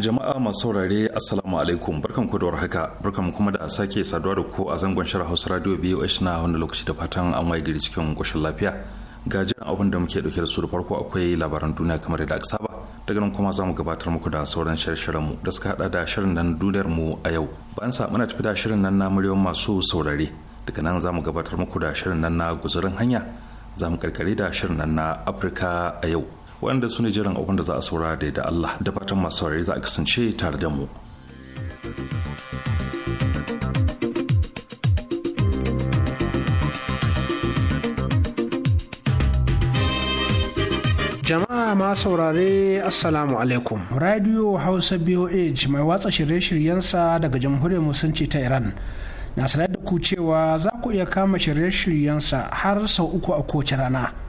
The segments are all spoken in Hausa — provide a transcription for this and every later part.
jama'a masu saurare assalamu alaikum barkan ku da warhaka barkan kuma da sake saduwa da ku a zangon shirin hausa radio boh na wani lokaci da fatan an waye gari cikin koshin lafiya ga jiran abin da muke dauke da su da farko akwai labaran duniya kamar da aka saba daga nan kuma za mu gabatar muku da sauran shirye-shiryen mu da suka hada da shirin nan duniyar mu a yau bayan sa muna tafi da shirin nan na muryoyin masu saurare daga nan za mu gabatar muku da shirin nan na guzurin hanya za mu karkare da shirin nan na afirka a yau waɗanda su ne jiran abin da za a saurara da da Allah da fatan masu saurari za a kasance tare da mu. Jama'a ma saurare Assalamu alaikum. Radio Hausa BOH mai watsa shirye-shiryensa daga Jamhuriyar Musulunci ta Iran. Na sanar da ku cewa za ku iya kama shirye-shiryensa har sau uku a kowace rana.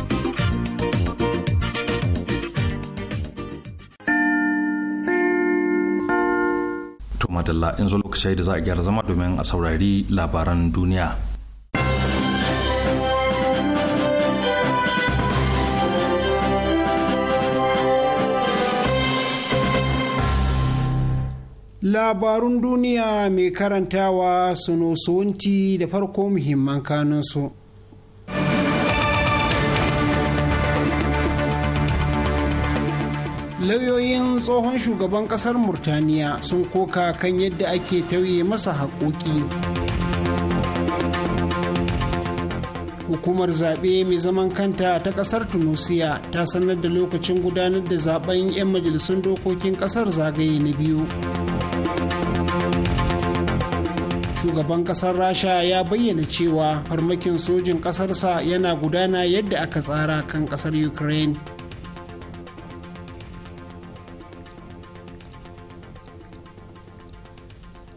To madalla in zo lokaci da za a gyara zama domin a saurari labaran duniya. Labarun duniya mai karantawa suno da farko muhimman kanunsu. lauyoyin tsohon shugaban kasar murtaniya sun koka kan yadda ake tauye masa haƙoƙi hukumar zaɓe mai zaman kanta ta ƙasar tunisia ta sanar da lokacin gudanar da zaɓen 'yan majalisun dokokin ƙasar zagaye na biyu shugaban ƙasar rasha ya bayyana cewa farmakin sojin ƙasarsa yana gudana yadda aka tsara kan ƙasar ukraine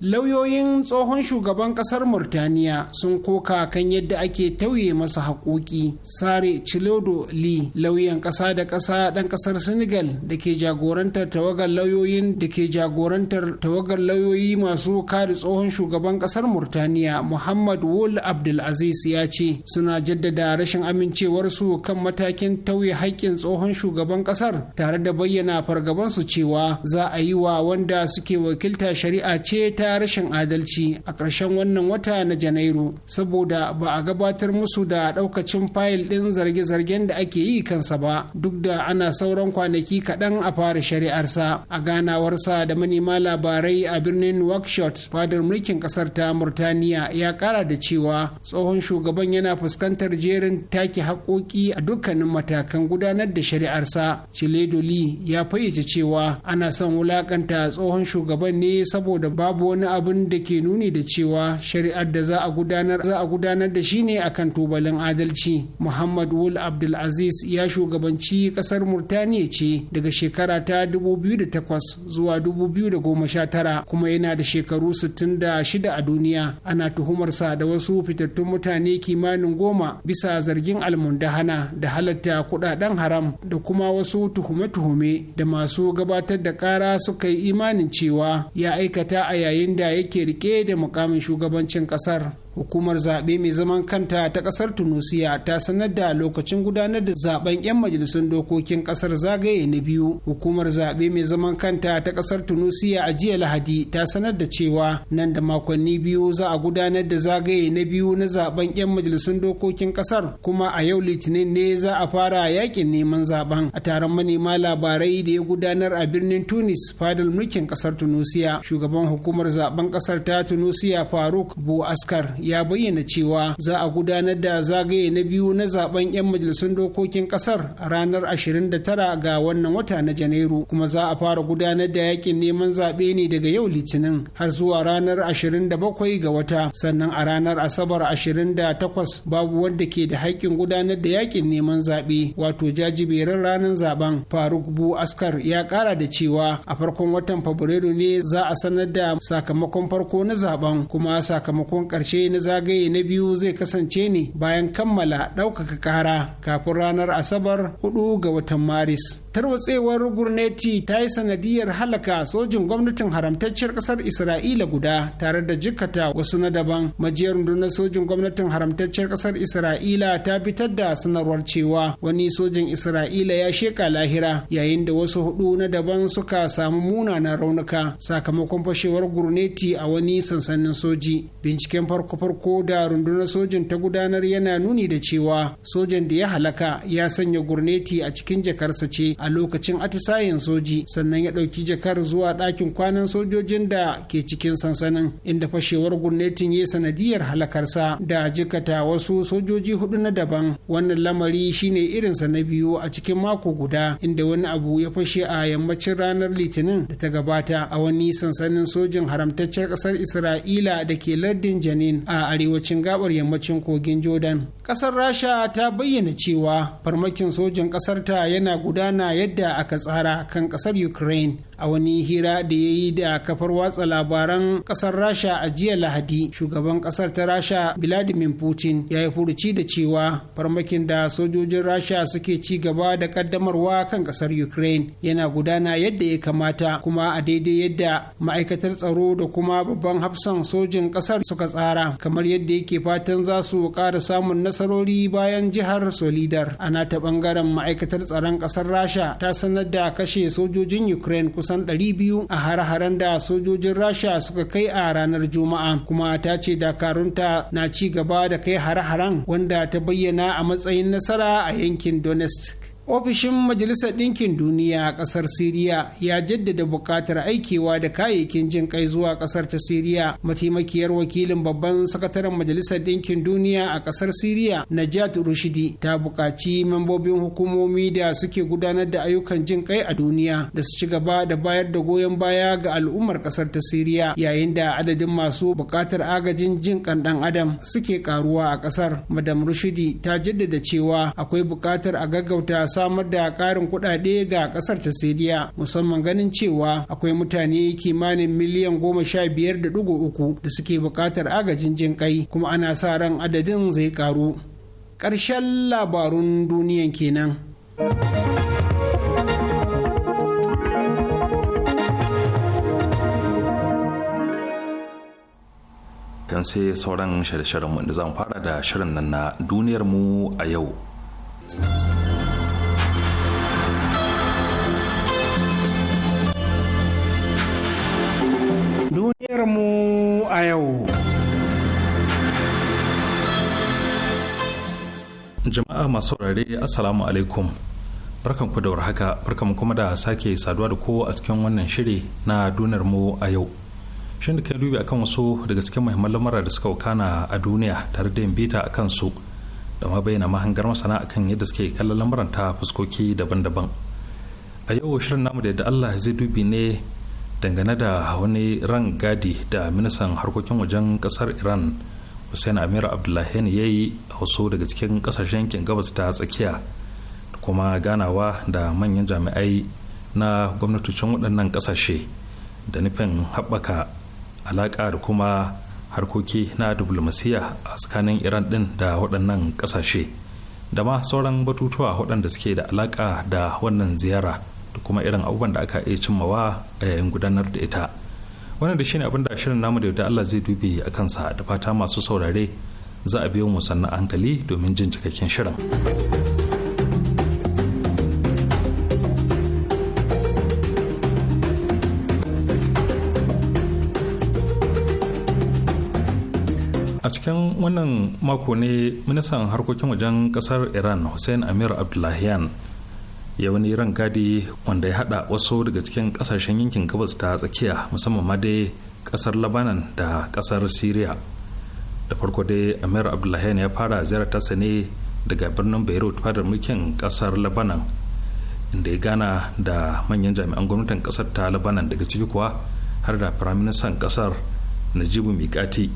lauyoyin tsohon shugaban kasar murtaniya sun koka kan yadda ake tauye masa haƙoƙi sare chilodo li lauyan ƙasa da ƙasa ɗan ƙasar senegal da ke jagorantar tawagar lauyoyin da ke jagorantar tawagar lauyoyi masu kare tsohon shugaban ƙasar murtaniya muhammad wol abdulaziz ya ce suna jaddada rashin amincewarsu kan matakin tauye haƙƙin tsohon shugaban ƙasar tare da bayyana fargabansu cewa za a yi wa wanda suke wakilta shari'a ce ta ta rashin adalci a ƙarshen wannan wata na janairu saboda ba a gabatar musu da ɗaukacin fayil ɗin zarge-zargen da ake yi kansa ba duk da ana sauran kwanaki kaɗan a fara shari'arsa a ganawarsa da manema labarai a birnin Nouakchott fadar mulkin ƙasar ta Murtaniya ya ƙara da cewa tsohon shugaban yana fuskantar jerin take haƙoƙi a dukkanin matakan gudanar da shari'arsa Chiledoli ya fayyace cewa ana son wulaƙanta tsohon shugaban ne saboda babu wani wani abin da ke nuni da cewa shari'ar da za a gudanar za a gudanar da shi ne akan tubalin adalci muhammad wul abdulaziz ya shugabanci kasar murtaniya ce daga shekara ta 2008 zuwa 2019 kuma yana da shekaru 66 a duniya ana tuhumarsa da wasu fitattun mutane kimanin goma bisa zargin almundahana da halatta kudaden haram da kuma wasu tuhume-tuhume da masu gabatar da kara suka yi imanin cewa ya aikata a yayin inda yake rike da mukamin shugabancin kasar hukumar zaɓe mai zaman kanta ta ƙasar tunusiya ta sanar da lokacin gudanar da zaɓen 'yan majalisun dokokin ƙasar zagaye na biyu hukumar zaɓe mai zaman kanta ta ƙasar tunusiya a jiya lahadi ta sanar da cewa nan da makonni biyu za a gudanar da zagaye na biyu na zaɓen 'yan majalisun dokokin ƙasar kuma a yau litinin ne za a fara yakin neman zaɓen. a taron manema labarai da ya gudanar a birnin tunis fadar mulkin ƙasar tunisia shugaban hukumar zaɓen ƙasar ta tunisia faruk bu askar ya bayyana cewa za a gudanar da zagaye na biyu na zaben 'yan majalisun dokokin kasar a ranar 29 ga wannan wata na janairu kuma za a fara gudanar da yakin neman zaɓe ne daga yau litinin har zuwa ranar 27 ga wata sannan a ranar asabar 28 babu wanda ke da haƙƙin gudanar da yakin neman zaɓe wato jajiberin ranar zaben faruk bu askar ya ƙara da cewa a farkon watan fabrairu ne za a sanar da sakamakon farko na zaben kuma sakamakon ƙarshe na na zagaye na biyu zai kasance ne bayan kammala ɗaukaka kara kafin ranar asabar 4 ga watan maris tarwatsewar gurneti ta yi sanadiyar halaka sojin gwamnatin haramtacciyar kasar isra'ila guda tare da jikata wasu na daban majiyar rundunar sojin gwamnatin haramtacciyar kasar isra'ila ta fitar da sanarwar cewa wani sojin isra'ila ya sheka lahira yayin da wasu hudu na daban suka samu munanan raunuka sakamakon fashewar gurneti a wani sansanin soji binciken farko-farko da rundunar sojin ta gudanar yana nuni da cewa sojan da ya halaka ya sanya gurneti a cikin jakarsa ce a a lokacin atisayen soji sannan ya ɗauki jakar zuwa ɗakin kwanan sojojin da ke cikin sansanin inda fashewar gurnetin ya sanadiyar halakarsa da jikata wasu sojoji hudu na daban wannan lamari shine irinsa na biyu a cikin mako guda inda wani abu ya fashe a yammacin ranar litinin da ta gabata a wani sansanin sojin haramtaccen ƙasar isra'ila da ke lardin janin a arewacin gabar yammacin kogin jordan ƙasar rasha ta bayyana cewa farmakin sojin ƙasarta yana gudana yadda aka tsara kan kasar ukraine a wani hira da ya yi da kafar watsa labaran kasar rasha a jiya lahadi shugaban kasar ta rasha vladimir putin ya yi furuci da cewa farmakin da sojojin rasha suke ci gaba da kaddamarwa kan kasar ukraine yana gudana yadda ya kamata kuma a daidai yadda ma'aikatar tsaro da kuma babban hafsan sojin kasar suka tsara kamar yadda yake fatan za su kara samun nasarori bayan jihar solidar ana ta bangaren ma'aikatar tsaron kasar rasha rasha ta sanar da kashe sojojin ukraine kusan 200 a hare-haren da sojojin rasha suka kai a ranar juma'a kuma ta ce dakarunta na ci gaba da kai hare-haren wanda ta bayyana a matsayin nasara a yankin donetsk ofishin majalisar ɗinkin duniya a ƙasar siriya ya jaddada buƙatar aikewa da kayayyakin jin kai zuwa ƙasar ta siriya mataimakiyar wakilin babban sakataren majalisar ɗinkin duniya a ƙasar siriya najat rushidi ta buƙaci membobin hukumomi da suke gudanar da ayyukan jin kai a duniya da su ci gaba da bayar da goyon baya ga al'ummar ƙasar ta siriya yayin da adadin masu buƙatar agajin jin kan ɗan adam suke ƙaruwa a ƙasar madam rushidi ta jaddada cewa akwai buƙatar a gaggauta samar da karin kudade ga kasar ta siriya musamman ganin cewa akwai mutane kimanin miliyan goma sha biyar da dugu uku da suke bukatar agajin jin kai kuma ana sa ran adadin zai karu ƙarshen labarun duniyan kenan. kan sai sauran shirye-shiryen wanda zan fara da shirin nan na duniyarmu a yau. mu a yau. Jama'a masu saurare Assalamu alaikum. Barkanku da warhaka, barkanku kuma da sake saduwa da kowa a cikin wannan shiri na dunar mu a yau. Shin da kai dubi akan wasu daga cikin muhimman lamura da suka wakana a duniya tare da yin bita a kansu da ma bayyana mahangar masana akan yadda suke kallon lamuran ta fuskoki daban-daban. A yau shirin namu da yadda Allah zai dubi ne dangane da wani ran gadi da ministan harkokin wajen kasar iran hussein amir abdullahi ya yi wasu daga cikin kasashen yankin gabas ta tsakiya kuma ganawa da manyan jami'ai na gwamnatocin waɗannan kasashe da nufin haɓaka alaƙa da kuma harkoki na diplomasiya a tsakanin iran ɗin da waɗannan kasashe da ma sauran batutuwa waɗanda suke da alaƙa da wannan ziyara. da kuma irin abubuwan da aka iya cimmawa a yayin gudanar da ita wannan da shine abin da shirin namu da Allah zai dube a kansa da fata masu saurare za a biyo mu sannan hankali domin jin cikakken shirin a cikin wannan mako ne ministan harkokin wajen kasar iran hussein amir abdullahian ya wani gadi wanda ya hada wasu daga cikin kasashen yankin gabas ta tsakiya musamman ma dai kasar labanan da kasar syria da farko dai amir abdullahi ya fara sa ne daga birnin beirut fadar mulkin kasar labanan inda ya gana da manyan jami'an gwamnatin kasar ta labanan daga ciki kuwa har da firaministan kasar najibu mikati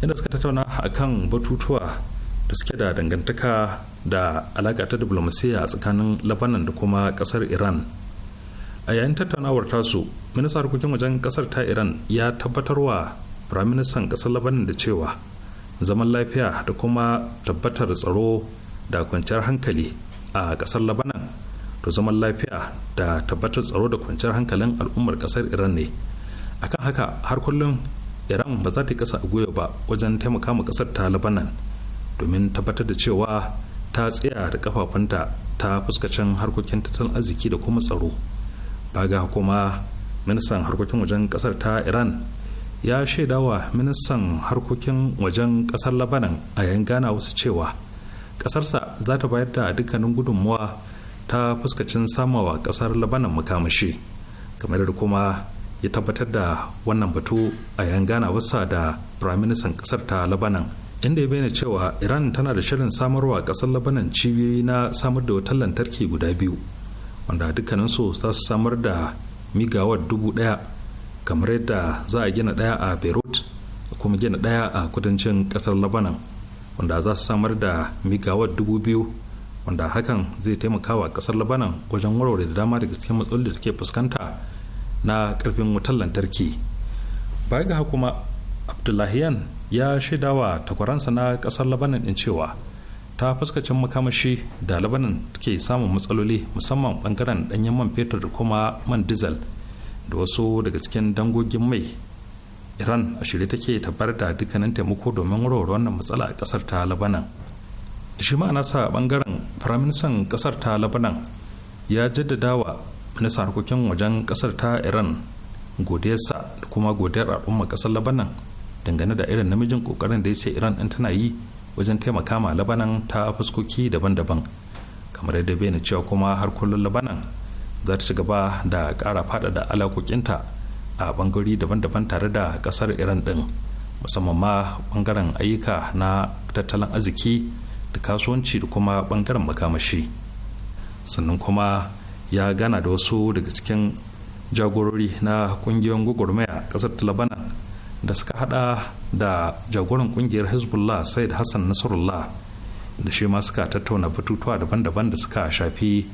inda suka tattauna akan batutuwa da suke da dangantaka da alaƙa ta diplomasiya tsakanin labanan da kuma ƙasar iran a yayin tattaunawar tasu ministan harkokin wajen ƙasar ta iran ya tabbatar wa firaministan ƙasar labanan da cewa zaman lafiya da kuma tabbatar tsaro da kwanciyar hankali a ƙasar labanan to zaman lafiya da tabbatar tsaro da kwanciyar hankalin al'ummar ƙasar iran ne akan haka har kullum iran ba za ta ƙasa a goyo ba wajen taimaka ma ƙasar ta labanan domin tabbatar da cewa ta tsaya da kafafunta ta fuskacin harkokin tattalin arziki da kuma tsaro baga kuma ministan harkokin wajen kasar ta iran ya shaida wa ministan harkokin wajen kasar labanan a yan gana wasu cewa kasarsa za ta bayar da dukkanin gudunmuwa ta fuskacin samawa kasar labanan makamashi kamar da kuma ya tabbatar da wannan batu a yan gana wasa da firaministan kasar ta labanan inda ya bayyana cewa iran tana da shirin samarwa kasar labanan cibiyoyi na samar da wutar lantarki guda biyu wanda dukkaninsu za su samar da migawar dubu daya kamar yadda za a gina daya a beirut kuma gina daya a kudancin kasar labanan wanda za su samar da migawar dubu biyu wanda hakan zai taimaka wa kasar labanan wajen warware da dama daga cikin matsalolin da take fuskanta na karfin wutar lantarki baya ga kuma abdullahiyan ya shaida wa takwaransa na kasar labanan din cewa ta fuskacin makamashi da labanan ke samun matsaloli musamman bangaren danyen man fetur da kuma man dizal da wasu daga cikin dangogin mai iran a shirye take tabbar da dukkanin taimako domin warware wannan matsala a kasar ta labanan shi ma'ana sa bangaren firaministan kasar ta labanan ya jaddada wa ministan harkokin wajen kasar ta iran godiyarsa da kuma godiyar al'umma kasar labanan dangane da irin namijin kokarin da ya ce iran ɗin tana yi wajen taimaka ma labanan ta fuskoki daban-daban kamar yadda bai cewa kuma har kullum labanan za ta ci gaba da ƙara faɗaɗa alaƙoƙinta a bangare daban-daban tare da ƙasar iran ɗin musamman ma ɓangaren ayyuka na tattalin arziki da kasuwanci da kuma ɓangaren makamashi sannan kuma ya gana da wasu daga cikin jagorori na kungiyoyin gwagwarmaya ƙasar ta labanan da suka hada da jagoran kungiyar hezbollah said hassan nasrullah da shi ma suka tattauna batutuwa daban-daban da suka shafi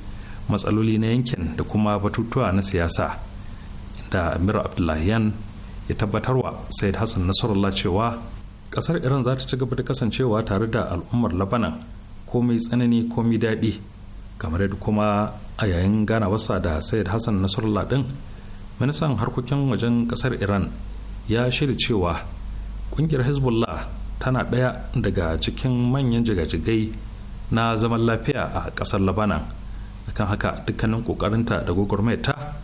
matsaloli na yankin da kuma batutuwa na siyasa da amir abdullahiyan ya tabbatarwa said hassan nasrullah cewa kasar iran za ta ci gaba da kasancewa tare da al'ummar labanan komai tsanani komai daɗi kamar yadda kuma a yayin ganawarsa da said hassan nasrullah din ministan harkokin wajen kasar iran ya shirya cewa kungiyar hezbollah tana ɗaya daga cikin manyan jigajigai na zaman lafiya a ƙasar labanan akan haka dukkanin ƙoƙarinta da gwagwarmayarta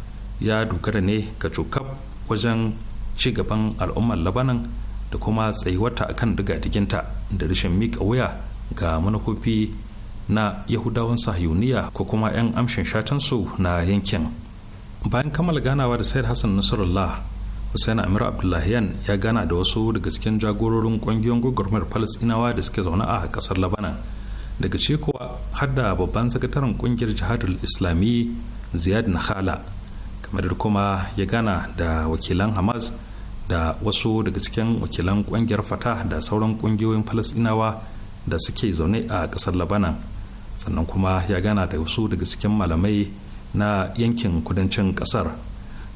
ya dogara ne ga cokab wajen ci gaban al'ummar labanan da kuma tsayuwarta akan digadiginta da rashin miƙa wuya ga manufofi na yahudawan sahiyuniya ko kuma 'yan amshin shatansu na yankin bayan kammala ganawa da sayar hassan nasarullah hussein amir abdullahiyan ya gana da wasu daga cikin jagororin ƙungiyoyin gwagwarmar palestinawa da suke zaune a ƙasar labanan daga ce kuwa har da babban sakataren ƙungiyar jihadul islami ziyad nahala kamar kuma ya gana da wakilan hamas da wasu daga cikin wakilan ƙungiyar fatah da sauran ƙungiyoyin palestinawa da suke zaune a ƙasar labanan sannan kuma ya gana da wasu daga cikin malamai na yankin kudancin ƙasar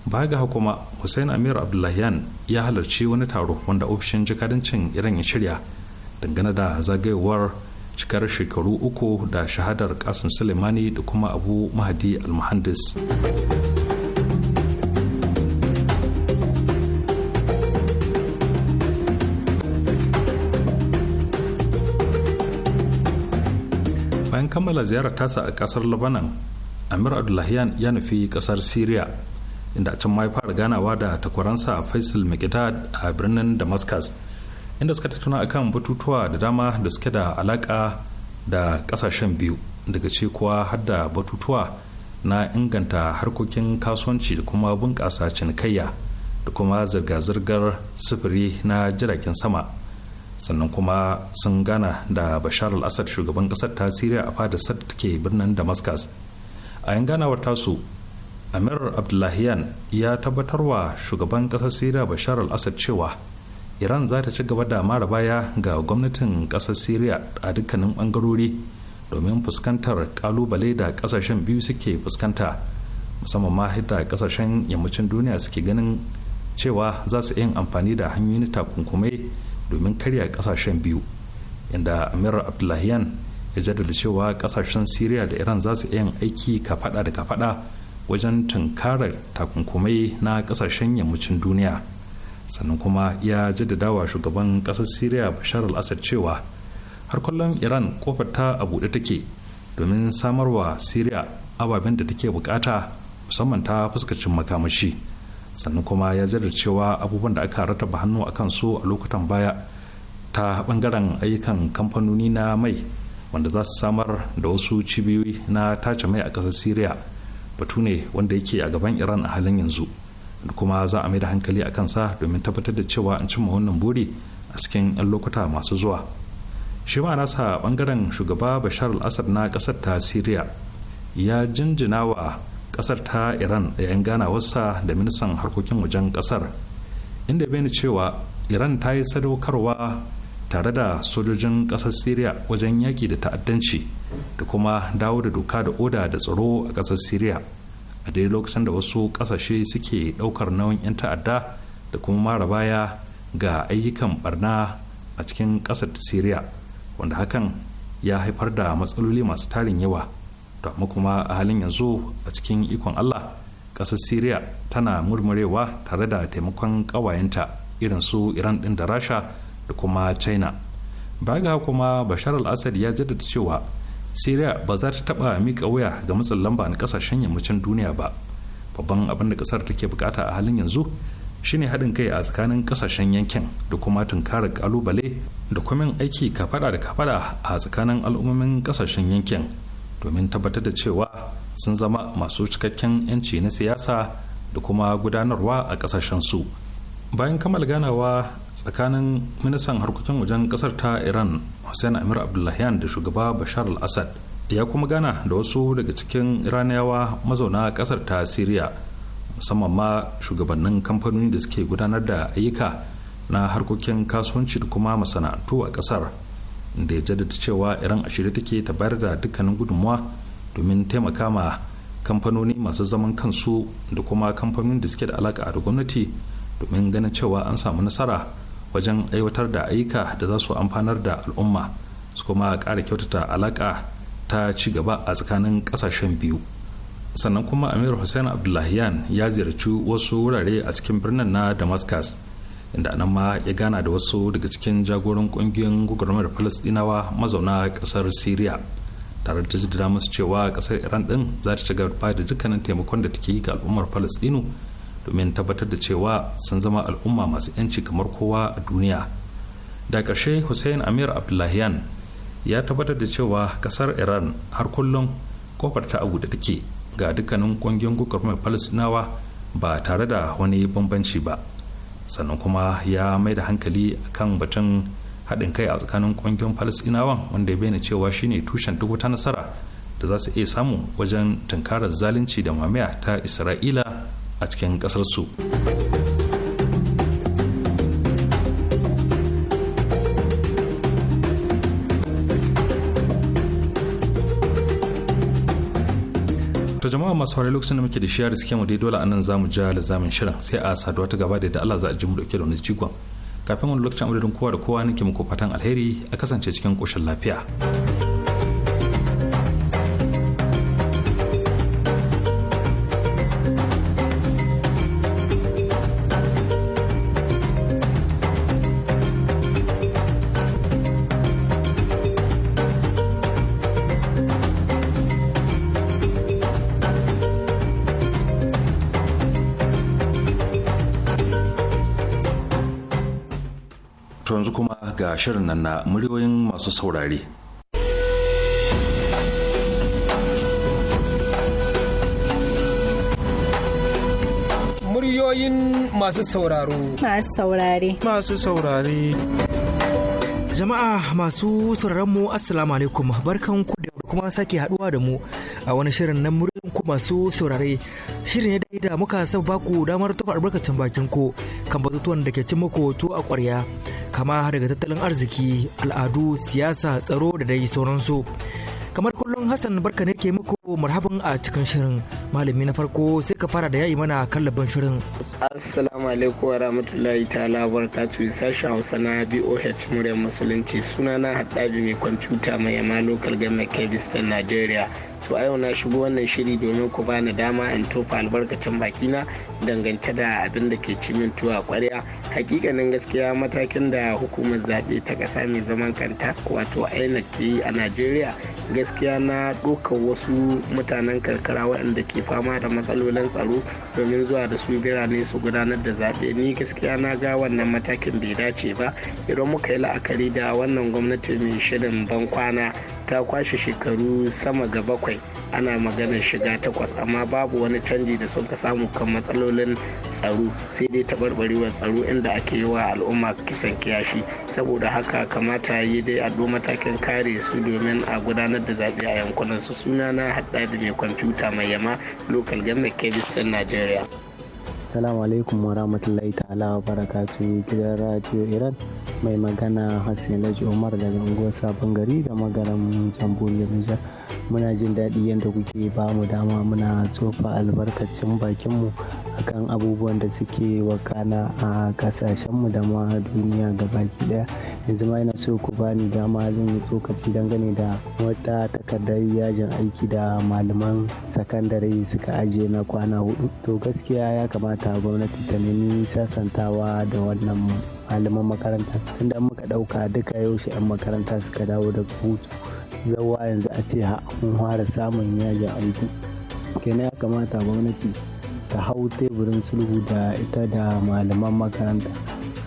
baya ga kuma hussein amir abdullahian ya halarci wani taro wanda ofishin jikadancin iran ya shirya dangane da zagayowar cikar shekaru uku da shahadar kasim suleimani da kuma abu mahadi almuhandis bayan kammala ziyarar tasa a kasar labanan amir abdullahian ya nufi kasar syria inda can ma ya fara ganawa da takwaransa faisal mcgidad a birnin damascus inda suka tattauna akan batutuwa da dama da suke da alaka da kasashen biyu daga ce kuwa har da batutuwa na inganta harkokin kasuwanci da kuma bunƙasa cinikayya da kuma zirga-zirgar sufuri na jiragen sama sannan kuma sun gana da bashar al-assad shugaban ƙasar ta siriya a fadar sadda take birnin damascus a yan ganawar tasu amir abdullahiyan ya tabbatar wa shugaban ƙasar siriya bashar al-assad cewa iran za ta ci gaba da mara baya ga gwamnatin ƙasar siriya a dukkanin bangarori domin fuskantar kalubale da ƙasashen biyu suke fuskanta musamman ma da ƙasashen yammacin duniya suke ganin cewa za su yin amfani da hanyoyin takunkumai domin karya ƙasashen biyu inda amir abdullahiyan ya jaddada cewa ƙasashen siriya da iran za su yin aiki kafaɗa da kafaɗa wajen tunkarar takunkumai na kasashen yammacin duniya sannan kuma ya jaddada wa shugaban kasar syria bashar al-assad cewa har kullum iran kofar ta a buɗe take domin samar wa syria ababen da take bukata musamman ta fuskacin makamashi sannan kuma ya jaddada cewa abubuwan da aka rataba hannu a kan su a lokutan baya ta bangaren ayyukan kamfanoni na mai wanda za su samar da wasu cibiyoyi na tace mai a ƙasar syria batu ne wanda yake a gaban iran a halin yanzu da kuma za a mai da hankali a kansa domin tabbatar da cewa an cimma wannan buri a cikin 'yan lokuta masu zuwa shi ma nasa bangaren shugaba bashar al-assad na kasar ta syria ya jinjina wa kasar ta iran yayin ganawarsa da ministan harkokin wajen kasar inda bai cewa iran ta yi sadaukarwa tare da sojojin kasar syria wajen yaki da ta'addanci da kuma dawo da doka da oda da tsaro a ƙasar syria a dai lokacin da wasu ƙasashe suke ɗaukar nauyin 'yan ta'adda da kuma mara baya ga ayyukan barna a cikin ƙasar syria wanda hakan ya haifar da matsaloli masu tarin yawa to amma kuma a halin yanzu a cikin ikon allah ƙasar syria tana murmurewa tare da taimakon ƙawayenta irin su iran ɗin da rasha da kuma china baya kuma bashar al-assad ya jaddada cewa syria ba za ta taba mika wuya ga matsin lamba na kasashen yammacin duniya ba babban abin da kasar take bukata a halin yanzu shine haɗin kai a tsakanin kasashen yankin da kuma tunkarar kalubale da kuma aiki kafada da kafada a tsakanin al'ummomin kasashen yankin domin tabbatar da cewa sun zama masu cikakken 'yanci na siyasa da kuma gudanarwa a kasashen su. bayan kammala ganawa tsakanin ministan harkokin wajen kasar ta iran hussein amir abdullahian da shugaba bashar al-assad ya kuma gana da wasu daga cikin iraniyawa mazauna kasar ta syria musamman ma shugabannin kamfanoni da suke gudanar da ayyuka na harkokin kasuwanci da kuma masana'antu a kasar da ya jaddada cewa iran a shirye take ta bayar da dukkanin gudunmuwa domin taimaka ma kamfanoni masu zaman kansu da kuma kamfanoni da suke da alaka da gwamnati domin ganin cewa an samu nasara wajen aiwatar da ayyuka da za su amfanar da al'umma su kuma ƙara kyautata alaƙa ta ci gaba a tsakanin ƙasashen biyu sannan kuma amir hussein abdullahiyan ya ziyarci wasu wurare a cikin birnin na damascus inda nan ma ya gana da wasu daga cikin jagoran ƙungiyoyin gwagwarmar falastinawa mazauna ƙasar syria tare da jaddada masu cewa ƙasar iran din za ta gaba da dukkanin taimakon da take yi ga al'ummar falastinu domin tabbatar da cewa sun zama al'umma masu 'yanci kamar kowa a duniya da ƙarshe hussein amir abdullahian ya tabbatar da cewa ƙasar iran har kullum kofar ta abu da take ga dukkanin ƙungiyar gwagwarmar palestinawa ba tare da wani bambanci ba sannan kuma ya mai da hankali kan batun haɗin kai a tsakanin ƙungiyar palestinawan wanda ya bayyana cewa shine tushen duk wata nasara da za su iya samu wajen tunkarar zalunci da mamaya ta isra'ila a cikin ƙasarsu. ta jama'a masu saurari lokacin da muke da shiyar suke dai dole a anan zamu ja da zamin shirin sai a saduwa ta gaba da yadda Allah za a ji mu dauke da wani jigon kafin wani lokacin amadadin kowa da kowa nake muku fatan alheri a kasance cikin koshin lafiya. shirin nan na muryoyin masu saurari. Muryoyin masu sauraro. Masu saurare. Masu saurare. Jama'a masu sauraron mu Assalamu alaikum barkan ku da kuma sake haduwa da mu a wani shirin na muryoyin ku masu saurare. Shirin ya da muka saba ku damar tofa albarkacin bakin ku kan batutuwan da ke cin muku to a ƙwarya. kama daga tattalin arziki al'adu siyasa tsaro da dai sauransu kamar kullum hassan barka ne ke muku marhaban a cikin shirin malami na farko sai ka fara da yayi mana kallabin shirin assalamu alaikum wa rahmatullahi ta'ala barakatuhu sashen hausa na boh muryar musulunci suna na haɗabi mai kwamfuta mai yama local government kebis ta nigeria to a yau na shigo wannan shiri domin ku bani dama in tofa albarkacin bakina dangance da abin da ke cimin tuwa kwarya hakikanin gaskiya matakin da hukumar zaɓe ta ƙasa mai zaman kanta wato inec ke yi a najeriya gaskiya na ɗaukar wasu mutanen karkara waɗanda ke ke fama da matsalolin tsaro domin zuwa da su birane su gudanar da zaɓe ni gaskiya na ga wannan matakin bai dace ba idan muka yi la'akari da wannan gwamnati mai shirin ban kwana. ta kwashe shekaru sama ga bakwai ana maganar shiga takwas amma babu wani canji da sun ka samu kan matsalolin tsaro sai dai taɓarɓarewar tsaro inda ake yi wa al'umma kisan kiyashi saboda haka kamata yi dai a matakin kare su domin a gudanar da zaɓe a yankunan su suna na haɗa da mai kwamfuta mai yama lokal government kebis ɗin najeriya Assalamu alaikum wa rahmatullahi ta'ala wa barakatu gidan Radio Iran mai magana Hassan Laji Umar daga unguwar Sabon Gari da magaran Jamhuriyar Nijar. Muna jin daɗi yadda kuke ba mu dama muna tsofa albarkacin bakinmu akan abubuwan da suke wakana a kasashenmu da ma duniya gabaki daya yanzu ma ina so ku bani dama zan yi tsokaci dangane da wata takardar yajin aiki da malaman sakandare suka ajiye na kwana hudu to gaskiya ya kamata gwamnati ta nemi sasantawa da wannan malaman makaranta tunda muka ɗauka duka yaushe 'yan makaranta suka dawo da hutu zawa yanzu a ce ha mun fara samun yajin aiki kenan ya kamata gwamnati ta hau teburin sulhu da ita da malaman makaranta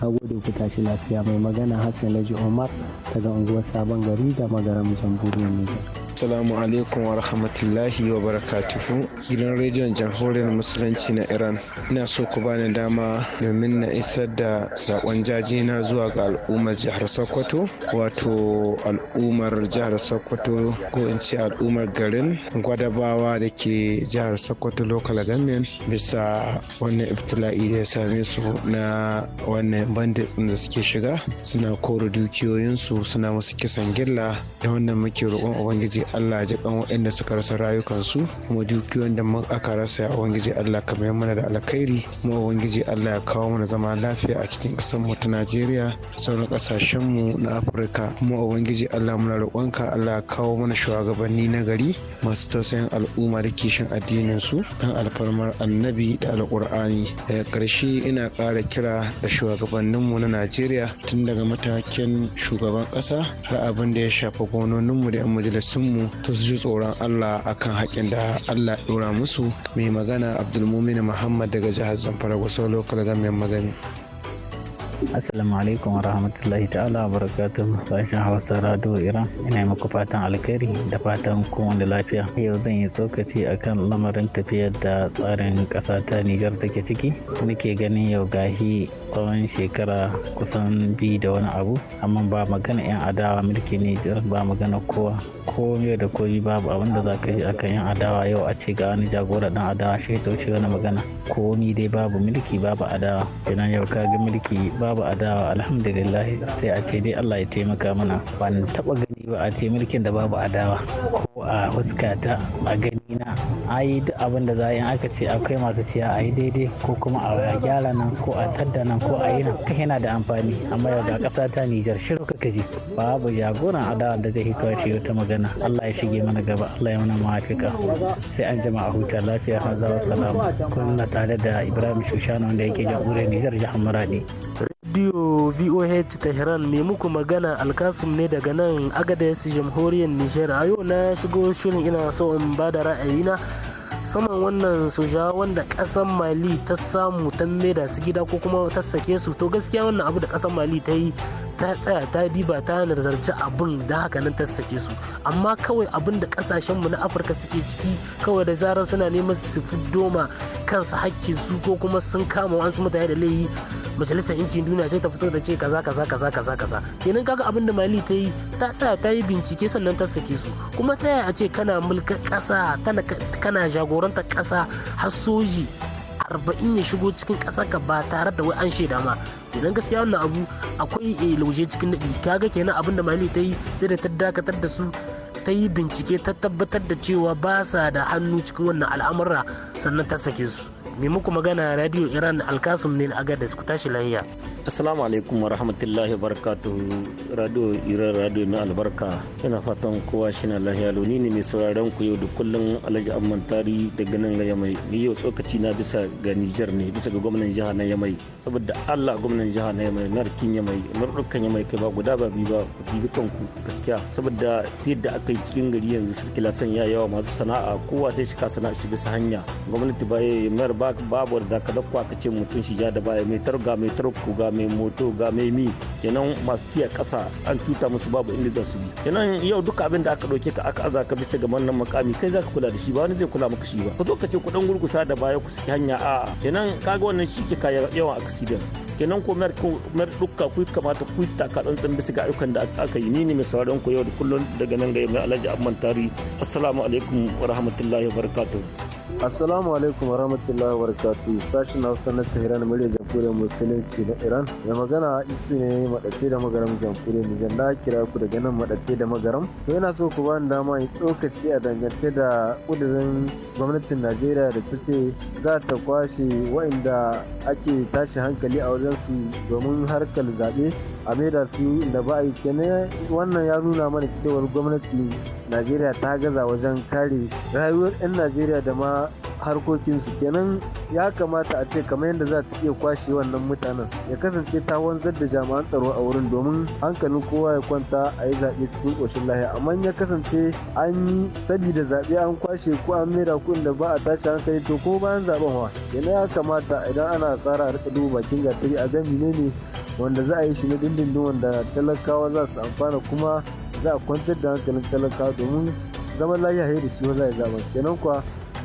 na gode ku tashi lafiya mai magana hassan laji omar daga unguwar sabon gari da magaram jamhuriyar nijar Assalamu alaikum wa rahmatullahi wa barakatuhu. Gidan rediyon jamhuriyar musulunci na Iran. Ina so ku bani dama domin na isar da sakon jaji na zuwa ga al'ummar jihar Sokoto, wato al'ummar jihar Sokoto ko in ce al'umar garin Gwadabawa da ke jihar Sokoto local government bisa wannan ibtila'i da ya same su na wannan bandits da suke shiga suna kore dukiyoyinsu suna musu kisan gilla da wannan muke roƙon ubangiji Allah ji kan waɗanda suka rasa rayukansu kuma dukiyoyin da aka rasa ya ubangiji Allah ka mayar mana da alkhairi kuma ubangiji Allah ya kawo mana zama lafiya a cikin ƙasar mu ta Najeriya sauran ƙasashen mu na Afirka kuma ubangiji Allah muna roƙonka Allah ya kawo mana shugabanni na gari masu tausayin al'umma da kishin addinin su dan alfarmar annabi da alƙur'ani daga ƙarshe ina ƙara kira da shugabanninmu na Najeriya tun daga matakin shugaban ƙasa har abin da ya shafi mu da 'yan majalisun mu to su ji tsoron Allah akan haƙin da Allah ɗora musu mai magana Abdulmumin Muhammad daga jihar Zamfara wasu local mai Magani. Assalamu alaikum wa rahmatullahi ta'ala wa sashen Hausa Radio Iran ina muku fatan alkhairi da fatan kowane lafiya. Yau zan yi tsokaci akan lamarin tafiyar da tsarin ƙasa ta Nijar take ciki. Nake ganin yau gahi tsawon shekara kusan bi da wani abu amma ba magana 'yan adawa mulki Nijar ba magana kowa ko yau da koyi babu abin da za ka yi akan 'yan adawa yau a ce ga wani jagora dan adawa shi ta wuce wani magana komi dai babu mulki babu adawa Ina yau ka ga mulki ba babu adawa alhamdulillah sai a ce dai Allah ya taimaka mana ban taba gani ba a ce mulkin da babu adawa ko a huskata a gani na ai duk abin da za a aka ce akwai masu ciya a yi daidai ko kuma a gyara nan ko a tadda nan ko a yi nan kai yana da amfani amma yau ga ƙasa ta Nijar shiru kaka ji babu jagoran adawa da zai hikawa shi ta magana Allah ya shige mana gaba Allah ya mana mafika sai an jama'a huta lafiya hazawa salama kun tare da Ibrahim Shushana wanda yake jamhuriyar Nijar jihar Maradi. radio voh tehran mai muku magana alkasum ne daga nan agadez jamhuriyar nijar a yau na shigo shirin ina so in ba da ra'ayina saman wannan soja wanda ƙasar mali ta samu ta maida su gida ko kuma ta sake su to gaskiya wannan abu da kasan mali ta yi ta tsaya ta diba ta nazarci abin da haka nan ta sake su amma kawai abin da kasashen mu na afirka suke ciki kawai da zarar suna neman su doma kansu hakkin su ko kuma sun kama wasu mutane da laifi majalisar yankin duniya sai ta fito ta ce kaza kaza kaza kaza kaza kenan kaga abin da mali ta yi ta tsaya ta yi bincike sannan ta sake su kuma ta yaya a ce kana mulka kasa kana jagora jagorantar ƙasa har soji arba'in ya shigo cikin ƙasar ka ba tare da wai an shaida ma kenan gaskiya wannan abu akwai eh, lauje cikin daɗi kaga kenan abin da mali ta yi sai da ta dakatar da su ta yi bincike ta tabbatar da cewa ba sa da hannu cikin wannan al'amura sannan ta sake su mai muku magana radio iran alkasum ne agadas ku tashi lahiya assalamu alaikum wa rahmatullahi wa radio iran radio mai albarka yana fatan kowa shina lahiya ni ne mai sauraron ku yau da kullun alhaji amman tari daga nan ga yamai ni yau tsokaci na bisa ga nijar ne bisa ga gwamnan jiha na yamai saboda allah gwamnan jiha na yamai narkin yamai murɗukan yamai kai ba guda ba biyu ba ku bibi kanku gaskiya saboda yadda aka yi cikin gari yanzu sarki lasan ya yawa masu sana'a kowa sai shi ka sana'a shi bisa hanya gwamnati ba ya yi mayar ba ba babu da ka dakwa ka ce mutum shi ja da baya mai targa mai tarko ga mai moto ga mai mi kenan masu kiya kasa an tuta musu babu inda za su bi kenan yau duka abin da aka dauke ka aka aza ka bisa ga wannan makami kai zaka kula da shi ba wani zai kula maka shi ba ka zo ka ce ku dan gurgusa da baya ku saki hanya a kenan kaga wannan shi ke yawan accident kenan ko mer dukka ku kamata ku ta kaɗan tsan bisa ga ayyukan da aka yi ni ne mai sauraron ku yau da kullum daga nan ga mai alhaji amman tari assalamu alaikum wa rahmatullahi wa barakatuh Assalamu alaikum wa wabarakatuh. Sashen Hausa na Tehran murya jamhuriyar Musulunci na Iran. Mai magana isu ne madafe da magaram jamhuriyar Nijar. Na kira ku daga nan maɗace da magaram. To yana so ku bani dama in tsokaci a dangance da kudirin gwamnatin Najeriya da ta ce za ta kwashe waɗanda ake tashi hankali a wajen su domin harkar zaɓe a da su da ba a yi kene wannan ya nuna mana cewar gwamnati najeriya ta gaza wajen kare rayuwar 'yan najeriya da ma harkokinsu kenan ya kamata a ce kamar yadda za ta iya kwashe wannan mutanen ya kasance ta wanzar da jami'an tsaro a wurin domin hankalin kowa ya kwanta a yi zaɓe cikin ƙoshin lahiya amma ya kasance an yi sabida zaɓe an kwashe ko an mera kuɗin da ba a tashi hankali to ko bayan zaɓen wa yana ya kamata idan ana tsara a rika duba bakin gatari a ga menene wanda za a yi shi na dindindin wanda talakawa za su amfana kuma za a kwantar da hankalin talaka domin zaman lahiya ya da shi za a zaɓen kenan kuwa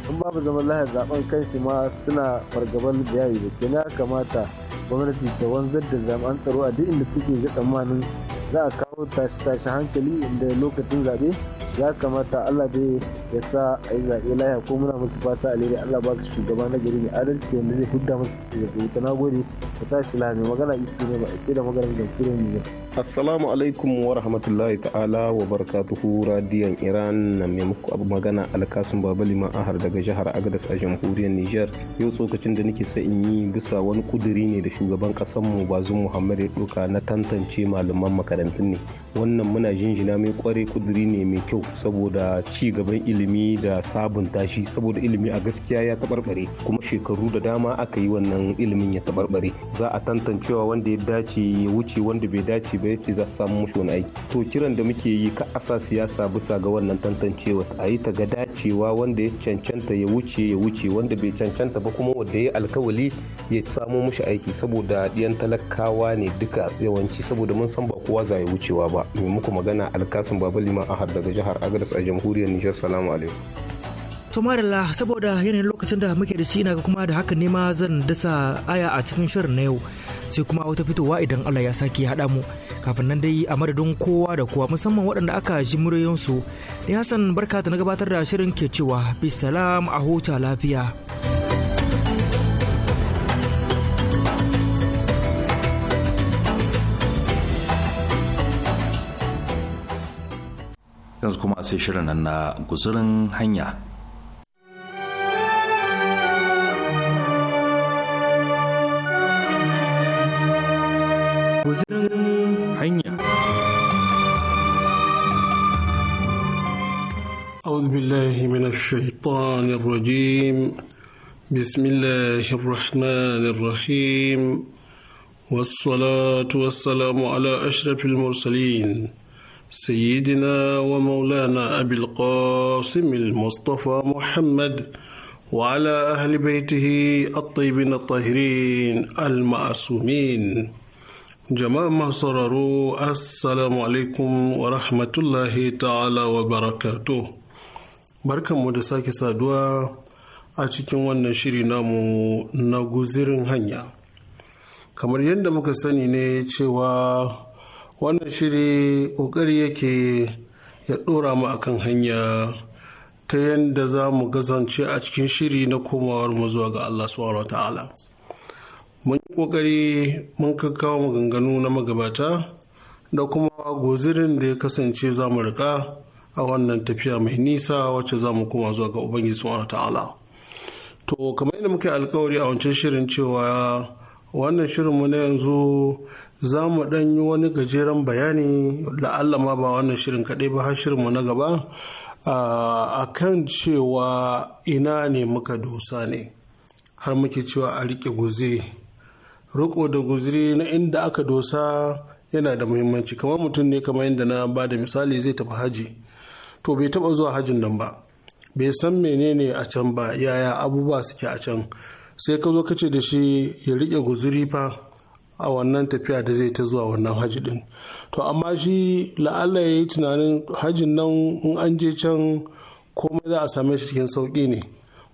in babu zaman lafiya zaɓen kansu ma suna fargaban da yayi da kenan ya kamata gwamnati ta wanzar da jami'an tsaro a duk inda suke ga tsammanin za a kawo tashi-tashi hankali inda lokacin zaɓe ya kamata Allah dai ya sa a yi zaɓe lahiya ko muna musu fata alheri Allah ba su shugaba na gari mai adalci yadda zai hudda musu da ta nagode ta tashi mai magana isi ne ba a da magana da kuren ne Assalamu alaikum wa rahmatullahi ta'ala wa barakatuhu radiyon Iran na mai muku abu magana alkasun babali ma'ahar daga jihar Agadas a jamhuriyar Nijar. Yau tsokacin da nake sa in yi bisa wani kuduri ne da shugaban mu bazum Muhammad ya ɗauka na tantance malaman makarantun ne. Wannan muna jinjina mai kware kuduri ne mai kyau saboda ci gaban ilimi da sabunta shi saboda ilimi a gaskiya ya tabarbare kuma shekaru da dama aka yi wannan ilimin ya tabarbare Za a tantancewa wanda ya dace ya wuce wanda bai dace ba za su samu mushi aiki to kiran da muke yi ka asa siyasa bisa ga wannan tantancewa a yi ta ga dacewa wanda ya cancanta ya wuce ya wuce wanda bai cancanta ba kuma wanda ya alkawali ya samo mushi aiki saboda diyan talakawa ne duka yawanci saboda mun san ba kowa za ya wucewa ba mai muku magana alkasun baba liman ahad daga jihar agadas a jamhuriyar nijar salamu alaikum to saboda yanayin lokacin da muke da shi na kuma da haka nema zan dasa aya a cikin shirin na yau sai kuma wata fitowa idan Allah ya sake haɗa mu kafin nan dai a madadin kowa da kowa musamman waɗanda aka ji muryoyinsu ni Hassan barka ta na gabatar da shirin ke cewa bisalam a huta lafiya. yanzu kuma sai shirin na gusurin hanya الشيطان الرجيم بسم الله الرحمن الرحيم والصلاة والسلام على أشرف المرسلين سيدنا ومولانا أبي القاسم المصطفى محمد وعلى أهل بيته الطيبين الطاهرين المعصومين جماعة ما السلام عليكم ورحمة الله تعالى وبركاته barkanmu da sake saduwa a cikin wannan shiri namu na guzirin hanya kamar yadda muka sani ne cewa wannan shiri ƙoƙari yake ya ɗora mu akan hanya ta yadda za mu gazance a cikin shiri na komawar mu zuwa ga allah subhanahu ta'ala mun yi ƙoƙari mun kakkawa maganganu na magabata da kuma guzirin da ya kasance za mu riƙa a wannan tafiya mai nisa wacce za mu koma zuwa ga ubangiji subhanahu ta'ala to kamar yadda muka alkawari a wancan shirin cewa wannan mu na yanzu za mu ɗan yi wani gajeren bayani da allah ma ba wannan shirin kaɗai ba har shirin mu na gaba a kan cewa ina ne muka dosa ne har muke cewa a riƙe guziri riƙo da guziri na inda aka dosa yana da muhimmanci kamar mutum ne kamar yadda na ba da misali zai tafi haji to bai taba zuwa hajjin nan ba bai san menene a can ba yaya abubuwa suke a can sai ka zo ka ce da shi ya rike guzuri fa a wannan tafiya da zai ta zuwa wannan hajji din to amma shi la'alla ya yi tunanin hajjin nan in an je can komai za a same shi cikin sauki ne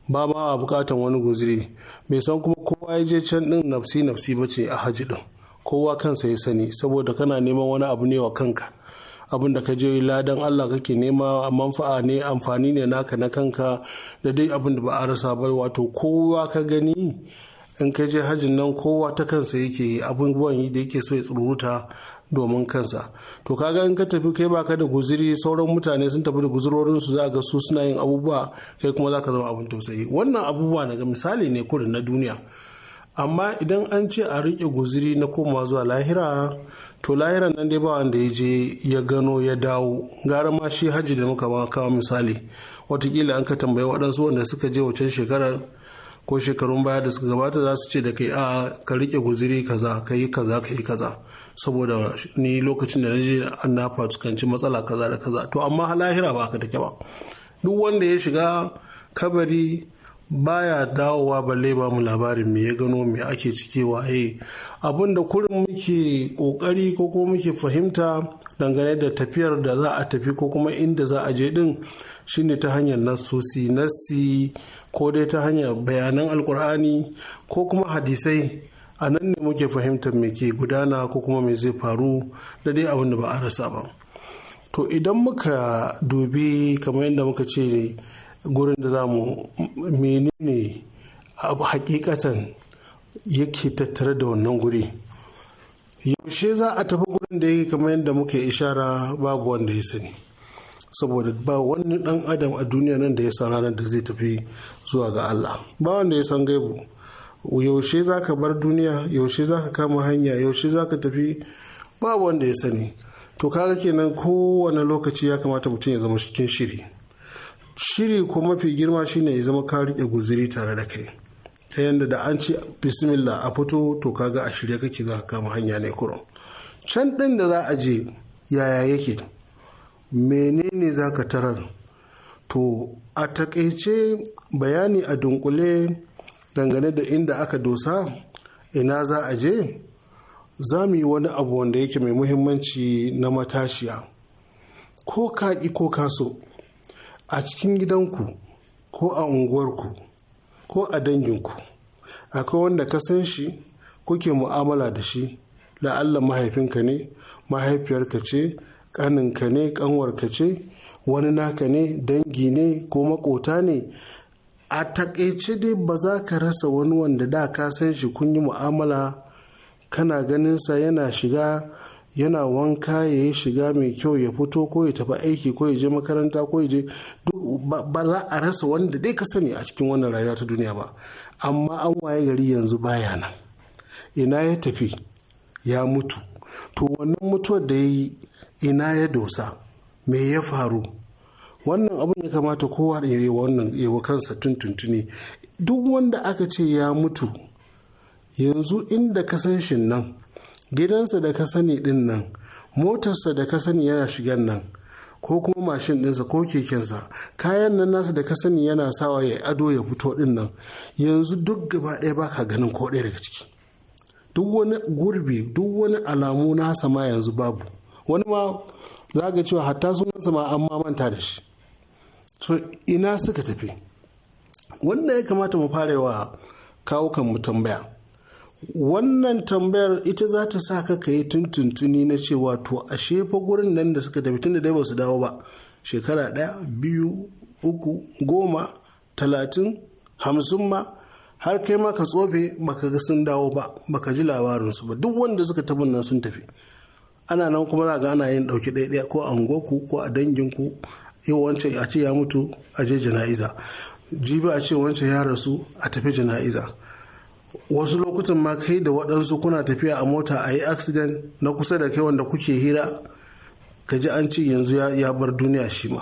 ba ma a bukatan wani guziri bai san kuma kowa ya je can din nafsi nafsi ba ce a hajji din kowa kansa ya sani saboda kana neman wani abu ne wa kanka abin da ka je ladan Allah kake nema manfa'a ne amfani ne naka na kanka da dai abin da ba a rasa ba wato kowa ka gani in ka je hajjin nan kowa ta kansa yake abubuwan yi da yake so ya tsuruta domin kansa to kaga in ka tafi kai baka da guziri sauran mutane sun tafi da guzurorin su za ga su suna yin abubuwa kai kuma zaka zama abin tausayi wannan abubuwa na ga misali ne kurin na duniya amma idan an ce a riƙe guziri na komawa zuwa lahira to lahiran nan dai ba wanda ya je ya gano ya dawo gara ma shi hajji da muka kawo misali watakila an ka tambayi waɗansu wanda suka je wacan shekarar ko shekarun baya da suka gabata za su ce da kai a ka rike guziri kaza ka yi kaza ka yi kaza saboda ni lokacin da na je an na fuskanci matsala kaza da kaza to amma lahira ba ka take ba duk wanda ya shiga kabari baya dawowa balle ba mu labarin me ya gano me ake ciki waye abin da kurin muke kokari ko kuma muke fahimta dangane da tafiyar da za a tafi ko kuma inda za a je din shine ta hanyar nasusi nasi ko dai ta hanyar bayanan alkur'ani ko kuma hadisai a nan ne muke fahimtar me ke gudana ko kuma me zai faru da dai abin da ba a rasa ba to idan muka dubi kamar yadda muka ce gurin da za mu menene abu hakikatan yake tattare da wannan guri yaushe za a tafi gurin da yake kamar yadda muke ishara babu wanda ya sani saboda ba wani dan adam a duniya nan da ya san ranar da zai tafi zuwa ga Allah ba wanda ya san gaibu yaushe za ka bar duniya yaushe za ka kama hanya yaushe za ka tafi babu wanda ya sani to kaga kenan kowane lokaci ya kamata mutum ya zama cikin shiri shiri ko mafi girma shine ya zama ka riƙe guziri tare da kai ta yadda da an ce bismillah a fito to kaga a shirye kake za ka kama hanya ne kurum can ɗin da za a je yaya yake menene za ka tarar to a taƙaice bayani a dunkule dangane da inda aka dosa ina za a je za mu yi wani abu wanda yake mai muhimmanci na matashiya ko kaƙi ko ka so. a cikin gidanku ko a unguwarku ko a danginku akwai wanda ka san shi kuke mu'amala da shi la'alla mahaifinka ne mahaifiyarka ce ƙaninka ne ƙanwarka ce wani naka ne dangi ne ko makota ne a takaice dai ba za ka rasa wani wanda da ka san shi kun yi mu'amala kana ganin ganinsa yana shiga yana wanka ya yi shiga mai kyau ya fito ko ya tafi aiki ko ya je makaranta ko ya je ba za a rasa wanda dai ka sani a cikin wannan rayuwa ta duniya ba amma an waye gari yanzu baya nan ina ya tafi ya mutu to wannan mutuwar da ya yi ina ya dosa me ya faru wannan abin ya kamata kowa ya yi wannan yawa kansa tuntuntuni duk wanda aka ce ya mutu yanzu inda ka san shin nan gidansa da ka sani din nan motarsa da ka sani yana shigan nan ko kuma mashin ɗinsa ko kekensa kayan nan nasa da ka sani yana sawa ya ado ya fito ɗin nan yanzu duk gaba ɗaya ba ka ganin ko ɗaya daga ciki duk wani gurbi duk wani alamu nasa ma yanzu babu wani ma za ga cewa hatta sunansa ma an ma manta da shi so ina suka tafi wannan ya kamata mu fara wa kawo kan mu tambaya wannan tambayar ita za ta sa ka ka yi tuntuntuni na cewa to ashe shefa gurin nan da suka tafi tun da dai ba su dawo ba shekara ɗaya biyu uku goma talatin hamsin ma har kai ma ka tsofe baka ga sun dawo ba baka ji labarinsu ba duk wanda suka tafi nan sun tafi ana nan kuma za ga ana yin ɗauki ɗaya ko a unguwarku ko a danginku yi wancan a ce ya mutu a je jana'iza jibi a ce wancan ya rasu a tafi jana'iza wasu lokutan ma kai da waɗansu kuna tafiya a mota a yi accident na kusa da kai wanda kuke hira ka ji an ce yanzu ya bar duniya shi ma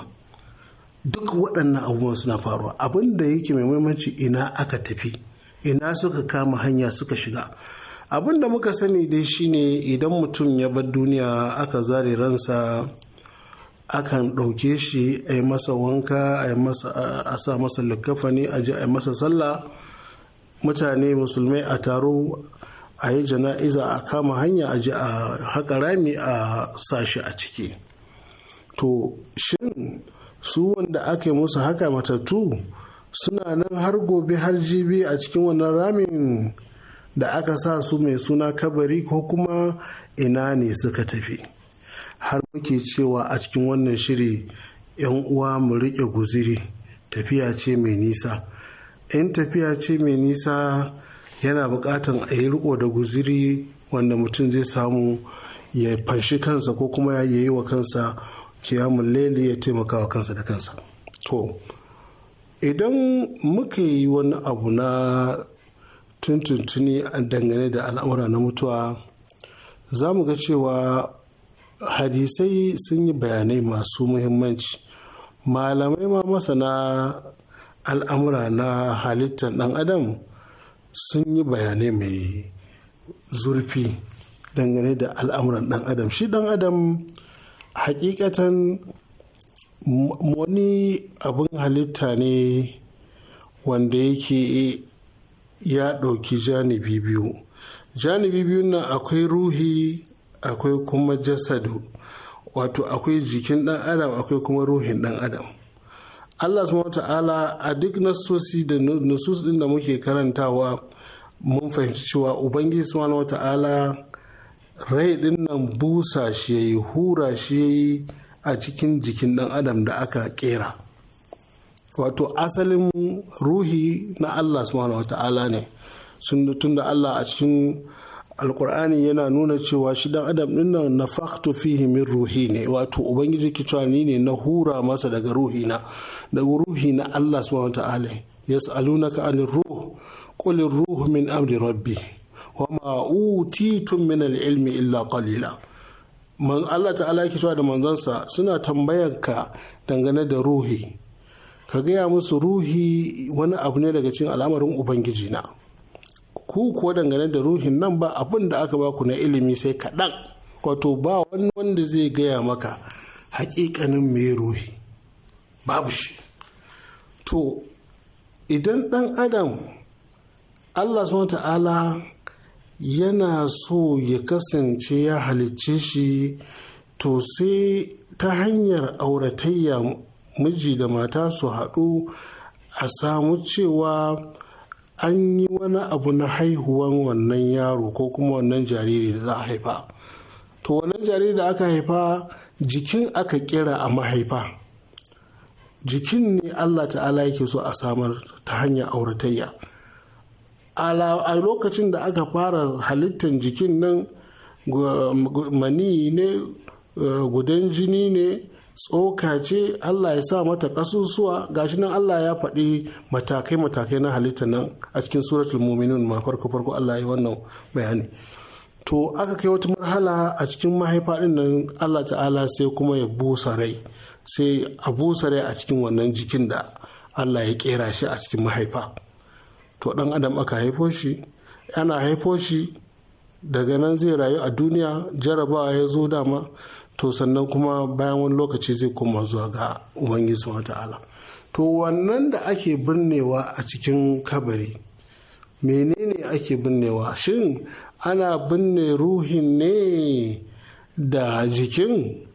duk waɗannan abubuwan suna faruwa abin da yake mai muhimmanci ina aka tafi ina suka kama hanya suka shiga abin da muka sani dai shine idan mutum ya bar duniya aka zare ransa akan ɗauke shi a yi masa wanka a sa masa likkafani a ji a yi masa sallah mutane musulmai a taro a yi jana'iza a kama hanya a ji a haƙa rami a sashi a ciki to shin su wanda aka yi musu haka matattu suna nan har gobe har jibi a cikin wannan ramin da aka sa su mai suna kabari ko kuma ina ne suka tafi har muke cewa a cikin wannan shiri 'yan uwa mu riƙe guziri tafiya ce mai nisa in tafiya ce mai nisa yana buƙatan a yi riko da guziri wanda mutum zai samu ya fanshi kansa ko kuma ya yi wa kansa kiyamun laili ya taimaka wa kansa da kansa to idan muka yi wani abu na tuntuntuni dangane da al'amura na mutuwa za mu ga cewa hadisai sun yi bayanai masu muhimmanci malamai ma masana al'amura na halittar ɗan adam sun yi bayanai mai zurfi dangane da al'amuran ɗan adam shi ɗan adam hakikatan wani abin halitta ne wanda yake ya ɗauki janibi biyu janibi biyu na akwai ruhi akwai kuma jasadu wato akwai jikin ɗan adam akwai kuma ruhin ɗan adam Allah subhanahu ta'ala a duk nasosi da nusus din da muke karantawa mun fahimci cewa ubangiji subhanahu ta'ala rai din nan busa shi yayi hura shi yayi a cikin jikin dan adam da aka kera wato asalin ruhi na Allah subhanahu ta'ala ne sun tunda Allah a cikin alkur'ani yana nuna cewa shi dan adam din nan na faktu fihi min ruhi ne wato ubangiji ki cewa ni ne na hura masa daga ruhi na daga ruhi na Allah subhanahu wataala yas'alunaka anir ruh qul ruhu min amri rabbi wa ma utitum min alilmi ilmi illa qalila man Allah ta'ala ki cewa da manzansa suna tambayar ka dangane da ruhi ka gaya musu ruhi wani abu ne daga cikin al'amarin ubangiji na ku kuwa dangane da ruhin nan ba abin da aka baku na ilimi sai kaɗan wato ba wani wanda zai gaya maka hakikanin mai ruhi babu shi to idan ɗan adam allah su ta'ala yana so ya kasance ya halicce shi to sai ta hanyar auratayya miji da mata su haɗu a samu cewa an yi wani abu na haihuwan wannan yaro ko kuma wannan jariri da za a haifa to wannan jariri da aka haifa jikin aka kira a mahaifa jikin ne allah ta'ala yake so a samar ta hanyar auratayya a lokacin da aka fara halittar jikin nan mani ne eh, gudan jini ne tsoka ce Allah ya sa mata ƙasusuwa gashi nan Allah ya faɗi matakai-matakai na halitta nan a cikin suratul muminun ma farko farko Allah ya wannan bayani to aka kai wata marhala a cikin mahaifa ɗin nan Allah ta'ala sai kuma ya busa rai sai a busa rai a cikin wannan jikin da Allah ya kera shi a cikin mahaifa to ɗan adam aka haifo shi ana haifo shi daga nan zai rayu a duniya jarabawa ya zo dama to sannan kuma bayan wani lokaci zai koma zuwa ga ubangiji wa ta'ala to wannan da ake binnewa a cikin kabari menene ake binnewa shin ana binne ruhin ne da jikin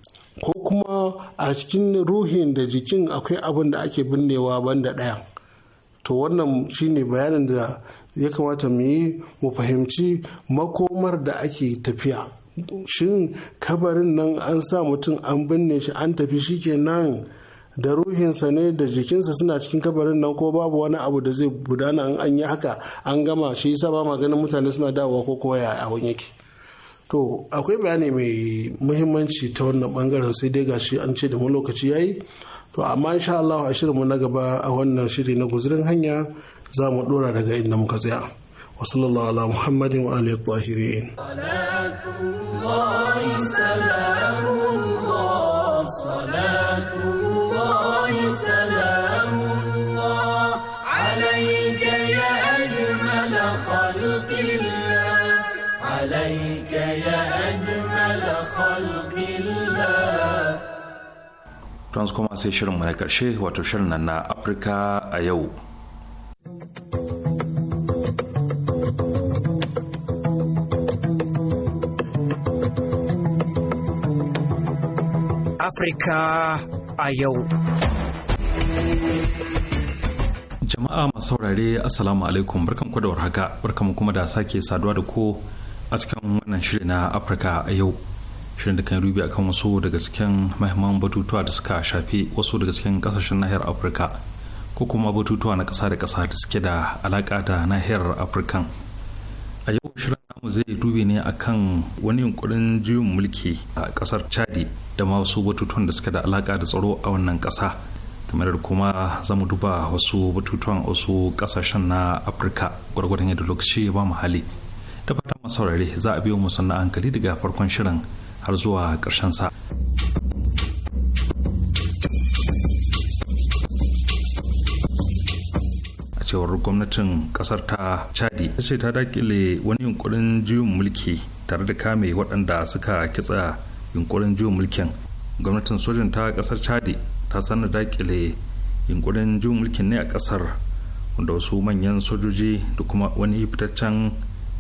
ko kuma a cikin ruhin da jikin akwai abin da ake binnewa banda ɗaya to wannan shine bayanin da ya kamata mu yi mu fahimci makomar da ake tafiya shin kabarin nan an sa mutum an binne shi an tafi shi kenan da ruhinsa ne da jikinsa suna cikin kabarin nan ko babu wani abu da zai gudana in an yi haka an gama shi yasa ba maganin mutane suna dawowa ko kuma ya abun yake to akwai bayani mai muhimmanci ta wannan bangaren sai dai shi an ce da mu lokaci yayi to amma insha Allah a mu na gaba a wannan shiri na guzurin hanya za mu dora daga inda muka tsaya وصلى الله على محمد وآله الطاهرين صلاة الله سلام الله صلاة الله سلام الله عليك يا أجمل خلق الله عليك يا أجمل خلق الله wato shirin na Afirka a yau. Afirka a yau. Jama'a masu saurare Assalamu alaikum barkan ku da warhaka barkan kuma da sake saduwa da ko a cikin wannan shirin na Afirka a yau. Shirin da kan rubi akan wasu daga cikin mahimman batutuwa da suka shafi wasu daga cikin kasashen nahiyar Afirka ko kuma batutuwa na ƙasa da ƙasa da suke da alaƙa da nahiyar Afirka. A yau shirin namu zai dubi ne akan wani yunkurin juyin mulki a ƙasar Chadi da ma wasu batutuwan da suka da alaka da tsaro a wannan ƙasa kamar kuma za mu duba wasu batutuwan wasu ƙasashen na afirka gwargwadon yadda lokaci ba mu hali da fata masu saurare za a biyo mu na hankali daga farkon shirin har zuwa ƙarshen sa. a cewar gwamnatin kasar ta chadi ta ce ta dakile wani yunkurin juyin mulki tare da kame waɗanda suka kitsa yunkurin juyin mulkin gwamnatin sojin ta kasar chadi ta sanar dakile yunkurin juyin mulkin ne a kasar wanda wasu manyan sojoji da kuma wani fitaccen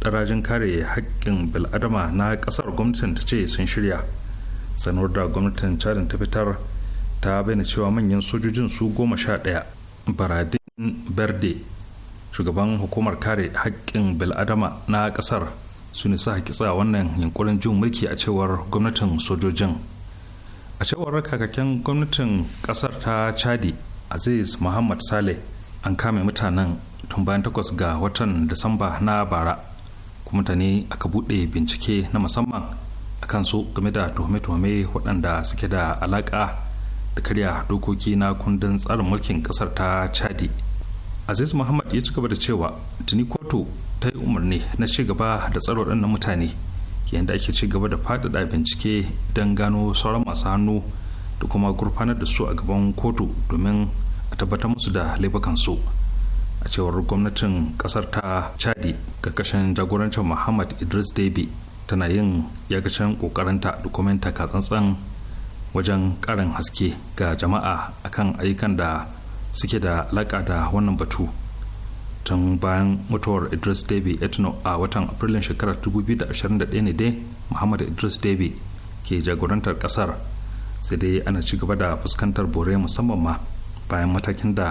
darajin kare haƙƙin bil'adama na kasar gwamnatin ta ce sun shirya sanar da gwamnatin chadin ta fitar ta bayyana cewa manyan sojojin su goma sha ɗaya baradin berde shugaban hukumar kare haƙƙin bil'adama na ƙasar su ne suka kitsa wannan yankurin jin mulki a cewar gwamnatin sojojin a cewar kakakken gwamnatin ƙasar ta chadi aziz muhammad saleh an kame mutanen tun bayan takwas ga watan disamba na bara kuma mutane aka buɗe bincike na musamman a su game da tuhume-tuhume waɗanda suke da alaƙa da karya dokoki na kundin tsarin mulkin ƙasar ta chadi aziz muhammad ya ci gaba da cewa tuni kotu ta yi umarni na ci gaba da tsaro na mutane yadda ake ci gaba da faɗaɗa bincike don gano sauran masu hannu da kuma gurfanar da su a gaban kotu domin a tabbatar musu da laifukansu a cewar gwamnatin kasar ta chadi karkashin jagorancin muhammad idris debi tana yin yagacin kokarinta da kuma tsantsan wajen karin haske ga jama'a akan ayyukan da suke da alaƙa da wannan batu. tun bayan mutuwar idris debi etno a watan afrilun shekarar 2021 ne dai muhammad idris debi ke jagorantar kasar sai dai ana ci gaba da fuskantar bore musamman ma bayan matakin da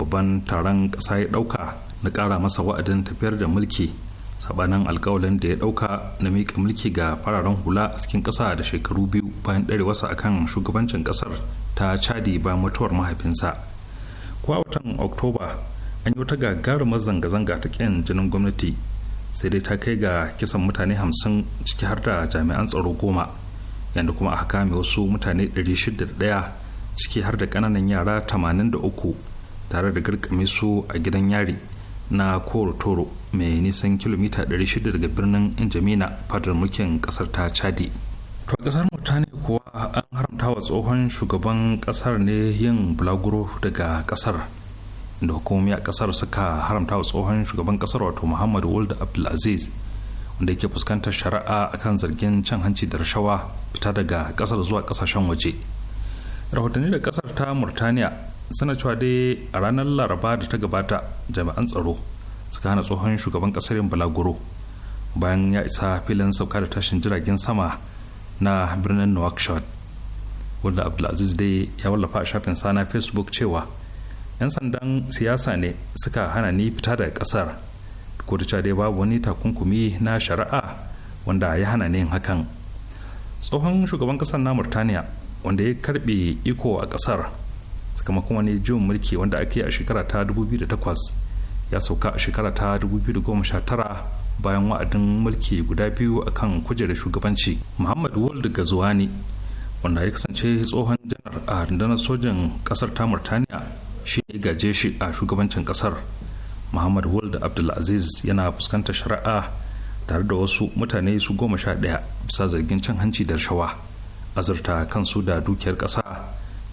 babban taron ƙasa ya ɗauka na ƙara masa wa'adin tafiyar da mulki sabanin alkawalin da ya ɗauka na miƙa mulki ga fararen hula a cikin ƙasa da shekaru biyu bayan ɗarewarsa akan shugabancin ƙasar ta chadi bayan mutuwar mahaifinsa kuwa watan oktoba an yi wata gagarumar zanga-zanga ta kyan jinin gwamnati sai dai ta kai ga kisan mutane hamsin ciki har da jami'an tsaro goma yadda kuma a kame wasu mutane 601 ciki har da kananan yara 83 tare da garkame su a gidan yari na koro toro mai nisan kilomita 600 daga birnin injamina fadar mulkin kasar ta chadi to a kasar mutane kuwa an haramta wa tsohon shugaban kasar ne yin bulaguro daga kasar da hukumomi a kasar suka haramta wa tsohon shugaban kasar wato muhammadu wald abdulaziz wanda yake fuskantar shari'a akan zargin cin hanci da rashawa fita daga kasar zuwa kasashen waje rahotanni da kasar ta murtaniya suna cewa dai a ranar laraba da ta gabata jami'an tsaro suka hana tsohon shugaban kasar yin balaguro bayan ya isa filin sauka da tashin jiragen sama na birnin nouakchott wanda abdulaziz dai ya wallafa a shafin sana facebook cewa 'yan sandan siyasa ne suka hana ni fita daga kasar ko da dai babu wani takunkumi na shari'a wanda ya hana ni hakan tsohon shugaban kasar na murtaniya wanda ya karbe iko a kasar sakamakon wani jiwon mulki wanda ake a shekara ta 2008 ya sauka a shekara ta 2019 bayan wa'adin mulki guda biyu akan kujerar shugabanci muhammad wald gazuwani wanda ya kasance tsohon janar a rundunar sojan kasar ta murtaniya shi ya gaje shi a shugabancin kasar muhammad wald abdulaziz yana fuskantar shari'a tare da wasu mutane su goma sha ɗaya bisa zargin cin hanci da rashawa azurta kansu da dukiyar ƙasa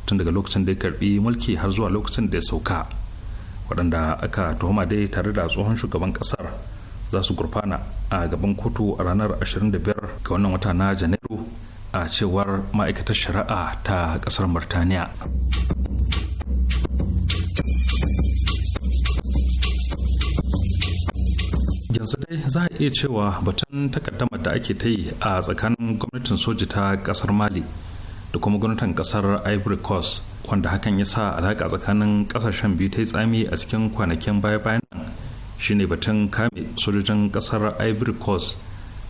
tun daga lokacin da ya karbi mulki har zuwa lokacin da ya sauka waɗanda aka tuhuma dai tare da tsohon shugaban ƙasar za su gurfana a gaban kotu a ranar 25 ga wannan wata na janairu a cewar ma'aikatar shari'a ta ƙasar murtaniya yanzu dai za a iya cewa batun takaddamar da ake ta yi a tsakanin gwamnatin soji ta kasar mali da kuma gwamnatin kasar ivory coast wanda hakan ya sa alaƙa tsakanin ƙasashen biyu ta yi tsami a cikin kwanakin baya-bayan nan shine batun kame sojojin kasar ivory coast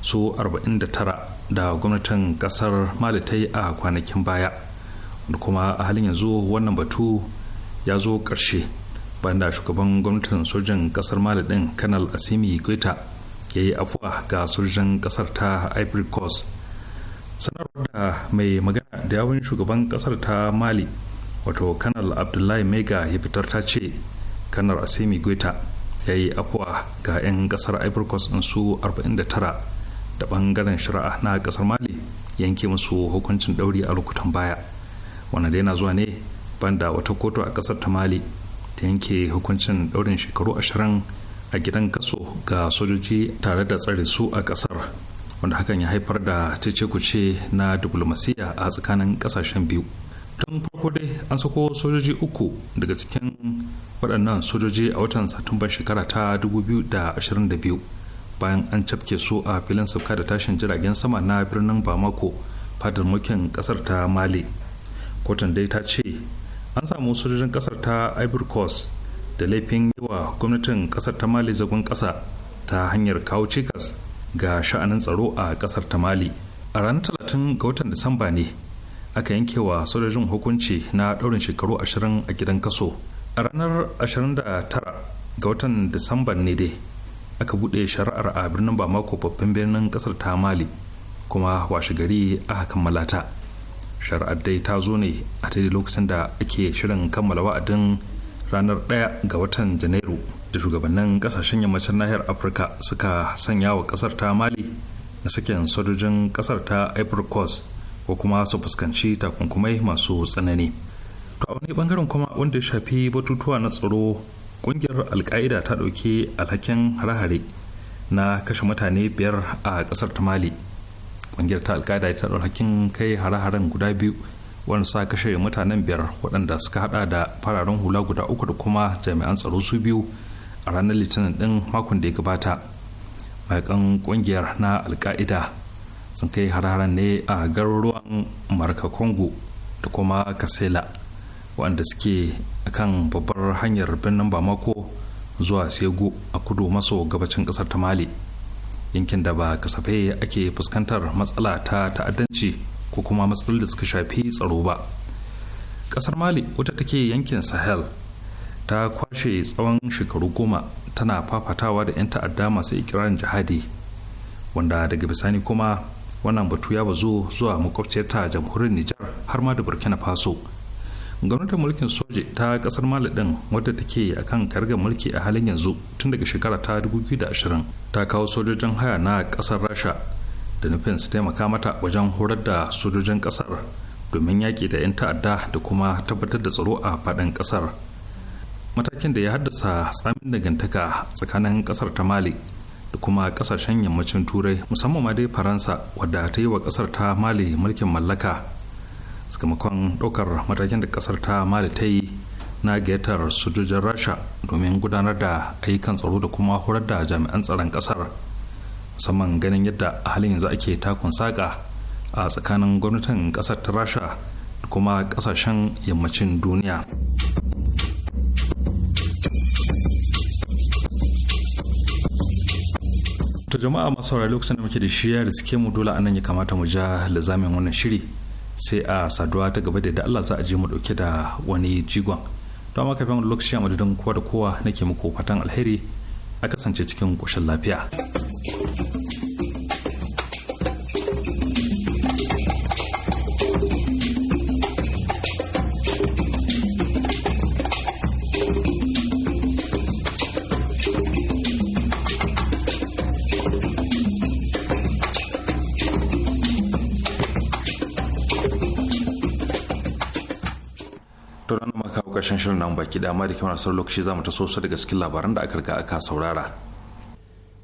su 49 da gwamnatin kasar mali ta yi a kwanakin baya da kuma a halin yanzu wannan batu ya zo ƙarshe banda shugaban gwamnatin sojan kasar mali din kanal asimi goita ya yi afuwa ga sojan kasar ta ivory coast sanarwar da mai magana da yawon shugaban kasar ta mali wato kanal abdullahi mega ya fitar ta ce kanar asimi goita ya yi afuwa ga 'yan kasar ivory coast din su 49 da bangaren shari'a na kasar mali yanke musu hukuncin ɗauri a lokutan baya wanda yana zuwa ne banda wata kotu a kasar ta mali ta yanke hukuncin ɗaurin shekaru ashirin a gidan kaso ga sojoji tare da tsare su a ƙasar wanda hakan ya haifar da cece-kuce na diplomasiya a tsakanin ƙasashen biyu tun farko dai an sako sojoji uku daga cikin waɗannan sojoji a watan satumbar shekara ta 2022 bayan an cafke su a filin sauka da tashin jiragen sama na birnin bamako fadar mulkin ƙasar ta mali kotun dai ta ce an samu sojojin kasar ta ivory coast da laifin yi wa gwamnatin kasar ta mali zagon kasa ta hanyar kawo cikas ga sha'anin tsaro a kasar ta mali a ranar talatin ga watan disamba ne aka yanke wa sojojin hukunci na daurin shekaru ashirin a gidan kaso a ranar ashirin da tara ga watan disamba ne dai aka buɗe shari'ar a birnin bamako babban birnin kasar ta mali kuma washe gari aka kammala ta shari'ar dai ta zo ne a daidai lokacin da ake shirin kammala wa'adin ranar 1 ga watan janairu da shugabannin kasashen yammacin nahiyar afirka suka sanya wa kasar ta mali na sakin sojojin kasar ta ivory coast ko kuma su fuskanci takunkumai masu tsanani to a wani bangaren kuma wanda ya shafi batutuwa na tsaro kungiyar alka'ida ta ɗauki alhakin harahare na kashe mutane biyar a kasar ta mali ƙungiyar ta alkaida ta ɗaura hakkin kai hare-haren guda biyu wanda sa kashe mutanen biyar waɗanda suka haɗa da fararen hula guda uku da kuma jami'an tsaro su biyu a ranar litinin ɗin makon da ya gabata maikan ƙungiyar na alka'ida sun kai hare-haren ne a garuruwan marka congo da kuma kasela waɗanda suke kan babbar hanyar birnin bamako zuwa sego a kudu maso gabacin ƙasar ta mali yankin da ba kasafai ake fuskantar matsala ta ta'addanci ko kuma matsalolin da suka shafi tsaro ba kasar mali wata take yankin sahel ta kwashe tsawon shekaru goma tana fafatawa da 'yan ta'adda masu ikirarin jihadi wanda daga bisani kuma wannan batu ya bazo zuwa makwabciyar ta jamhuriyar nijar har ma da burkina faso gwamnatin mulkin soji ta kasar mali din wadda take a kan karga mulki a halin yanzu tun daga shekara ta 2020 ta kawo sojojin haya na kasar rasha da nufin su taimaka mata wajen horar da sojojin kasar domin yaƙi da 'yan ta'adda da kuma tabbatar da tsaro a faɗin kasar matakin da ya haddasa tsamin dangantaka tsakanin kasar ta mali da kuma kasashen yammacin turai musamman ma dai faransa wadda ta yi wa kasar ta mali mulkin mallaka sakamakon ɗaukar matakin da ƙasar ta mali ta yi na getar sojojin rasha domin gudanar da ayyukan tsaro da kuma horar da jami'an tsaron ƙasar musamman ganin yadda a halin yanzu ake takun saƙa a tsakanin gwamnatin ƙasar ta rasha da kuma ƙasashen yammacin duniya to jama'a masu lokacin da muke da shi ya suke mu dole a nan ya kamata mu ja lizamin wannan shiri sai a saduwa ta gaba da da Allah za a je mu dauke da wani jigon don amma kafin lokaci a madadin kowa da kowa nake muku fatan alheri a kasance cikin koshin lafiya. karshen shirin nan baki da amma da kyau na lokaci za mu taso daga cikin labaran da aka riga aka saurara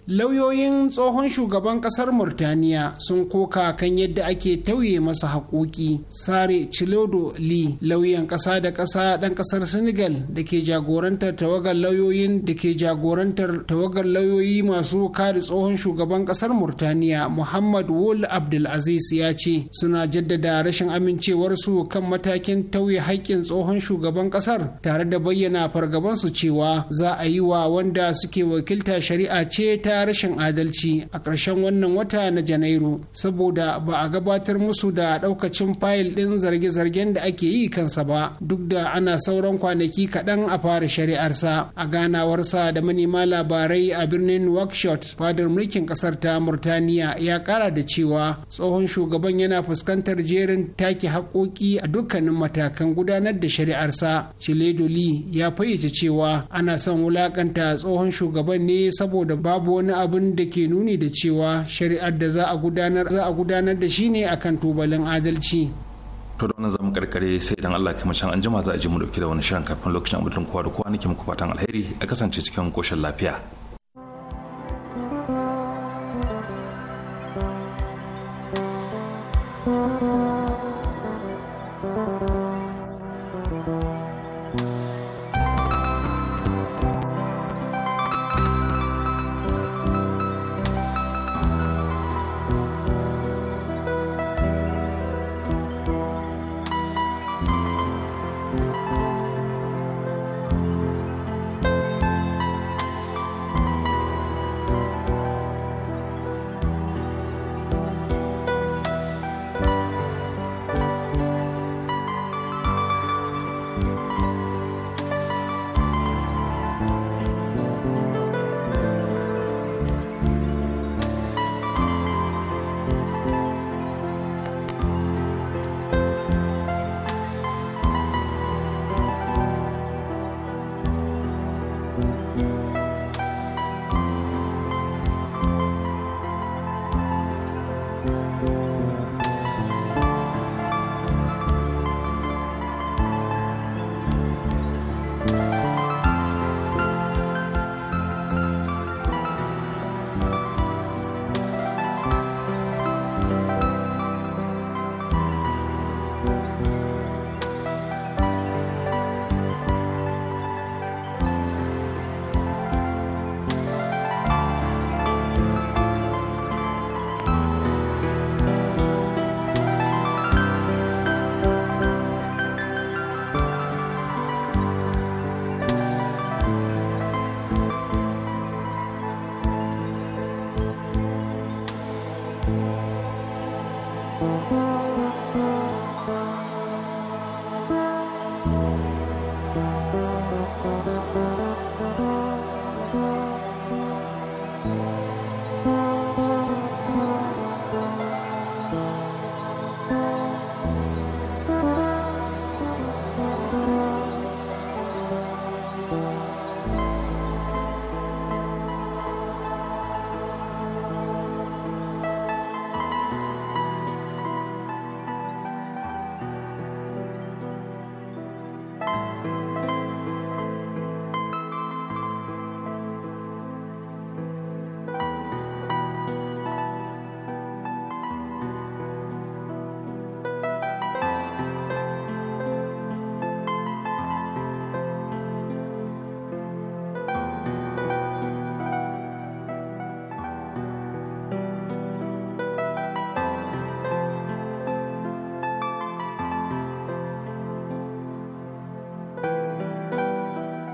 lauyoyin tsohon shugaban kasar murtaniya sun koka kan yadda ake tauye masa haƙoƙi sare chilodo li lauyan ƙasa da ƙasa ɗan ƙasar senegal da ke jagorantar tawagar lauyoyin da ke jagorantar tawagar lauyoyi masu kare tsohon shugaban ƙasar murtaniya muhammad wol abdulaziz ya ce suna jaddada rashin amincewarsu kan matakin tauye haƙƙin tsohon shugaban ƙasar tare da bayyana fargabansu cewa za a yi wa wanda suke wakilta shari'a ce ta rashin adalci a ƙarshen wannan wata na janairu saboda ba a gabatar musu da ɗaukacin fayil ɗin zarge-zargen da ake yi kansa ba duk da ana sauran kwanaki kaɗan a fara shari'arsa a ganawarsa da manema labarai a birnin workshop fadar mulkin ƙasar ta Murtaniya ya ƙara da cewa tsohon shugaban yana fuskantar jerin take haƙoƙi a dukkanin matakan gudanar da shari'arsa Chiledoli ya fayyace cewa ana son wulaƙanta tsohon shugaban ne saboda babu wani wani abin da ke nuni da cewa shari'ar da za a gudanar za a gudanar da shi ne akan tubalin adalci to da wannan zamu karkare sai idan Allah kuma can anjima za a ji mu dauke da wani shirin kafin lokacin abudin kowa da kowa nake muku fatan alheri a kasance cikin koshin lafiya